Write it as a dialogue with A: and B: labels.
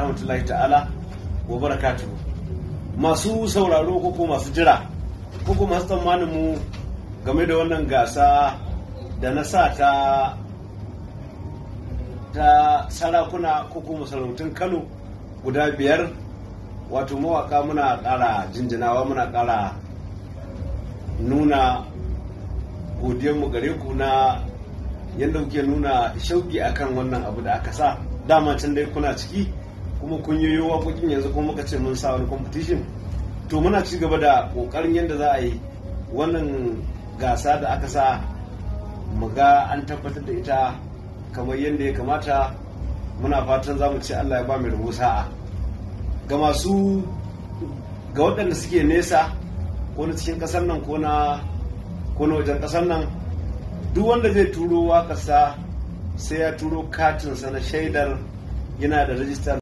A: rahmatullahi ta'ala wa barakatuhu masu sauraro koko masu jira koko masu tsammanin mu game da wannan gasa da na sa ta ta sarakuna koko masarautun Kano guda biyar wato mawaka muna ƙara jinjinawa muna kara nuna godiyanmu gare ku na yadda kuke nuna shauki akan wannan abu da aka sa dama can dai kuna ciki kuma kun yi waƙoƙin yanzu kuma muka ce mun sa wani competition to muna ci gaba da ƙoƙarin yadda za a yi wannan gasa da aka sa mu ga an tabbatar da ita kamar yadda ya kamata muna fatan za mu ce allah ya ba mai rubu sa'a ga masu ga waɗanda suke nesa ko na cikin ƙasar nan ko na wajen ƙasar nan duk wanda zai turo waƙarsa sai ya turo katinsa na shaidar yana da rajistar